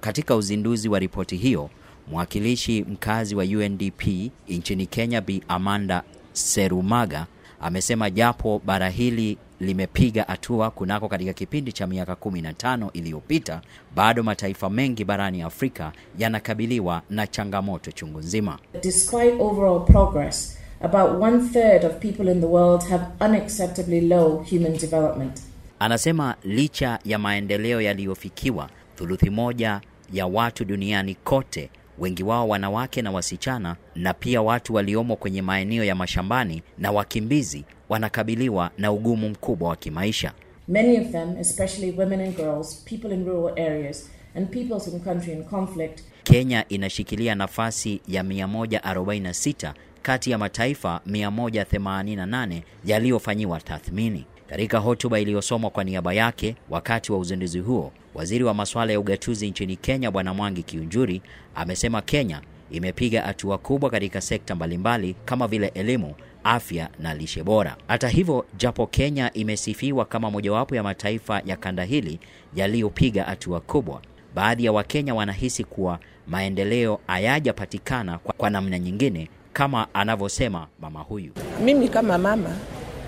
Katika uzinduzi wa ripoti hiyo, mwakilishi mkazi wa UNDP nchini Kenya Bi Amanda Serumaga amesema japo bara hili limepiga hatua kunako katika kipindi cha miaka 15 iliyopita, bado mataifa mengi barani Afrika yanakabiliwa na changamoto chungu nzima. Despite overall progress, about one third of people in the world have unacceptably low human development. Anasema licha ya maendeleo yaliyofikiwa, thuluthi moja ya watu duniani kote, wengi wao wanawake na wasichana, na pia watu waliomo kwenye maeneo ya mashambani na wakimbizi wanakabiliwa na ugumu mkubwa wa kimaisha. Many of them, especially women and girls, people in rural areas and peoples in country in conflict. Kenya inashikilia nafasi ya 146 kati ya mataifa 188 yaliyofanyiwa tathmini. Katika hotuba iliyosomwa kwa niaba yake wakati wa uzinduzi huo, waziri wa masuala ya ugatuzi nchini Kenya Bwana Mwangi Kiunjuri amesema Kenya imepiga hatua kubwa katika sekta mbalimbali kama vile elimu, afya na lishe bora. Hata hivyo, japo Kenya imesifiwa kama mojawapo ya mataifa ya kanda hili yaliyopiga hatua kubwa, baadhi ya Wakenya wanahisi kuwa maendeleo hayajapatikana kwa, kwa namna nyingine kama anavyosema mama huyu. Mimi kama mama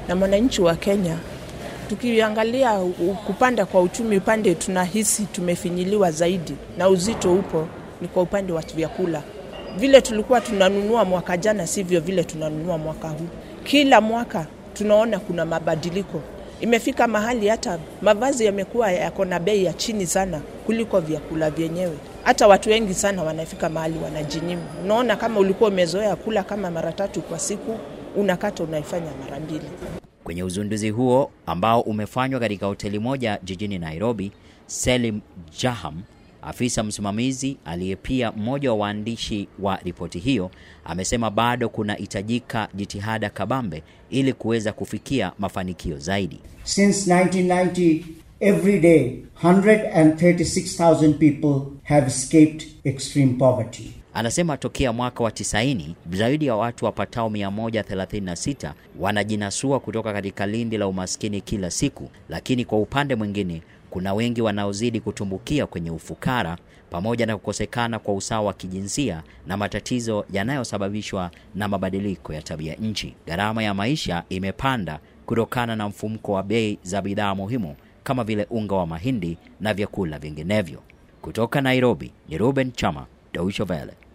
na mwananchi wa Kenya tukiangalia kupanda kwa uchumi upande tunahisi tumefinyiliwa zaidi, na uzito upo ni kwa upande wa vyakula. Vile tulikuwa tunanunua mwaka jana sivyo vile tunanunua mwaka huu. Kila mwaka tunaona kuna mabadiliko. Imefika mahali hata mavazi yamekuwa yako na bei ya chini sana kuliko vyakula vyenyewe. Hata watu wengi sana wanafika mahali wanajinyima. Unaona, kama ulikuwa umezoea kula kama mara tatu kwa siku, unakata unaifanya mara mbili. Kwenye uzinduzi huo ambao umefanywa katika hoteli moja jijini Nairobi, Selim Jaham, afisa msimamizi aliye pia mmoja wa waandishi wa ripoti hiyo, amesema bado kunahitajika jitihada kabambe ili kuweza kufikia mafanikio zaidi. Since 1990 every day 136,000 people have escaped extreme poverty. Anasema tokea mwaka wa 90 zaidi ya watu wapatao 136 wanajinasua kutoka katika lindi la umaskini kila siku, lakini kwa upande mwingine kuna wengi wanaozidi kutumbukia kwenye ufukara pamoja na kukosekana kwa usawa wa kijinsia na matatizo yanayosababishwa na mabadiliko ya tabia nchi. Gharama ya maisha imepanda kutokana na mfumko wa bei za bidhaa muhimu kama vile unga wa mahindi na vyakula vinginevyo. Kutoka Nairobi ni Ruben Chama. đổi cho về lại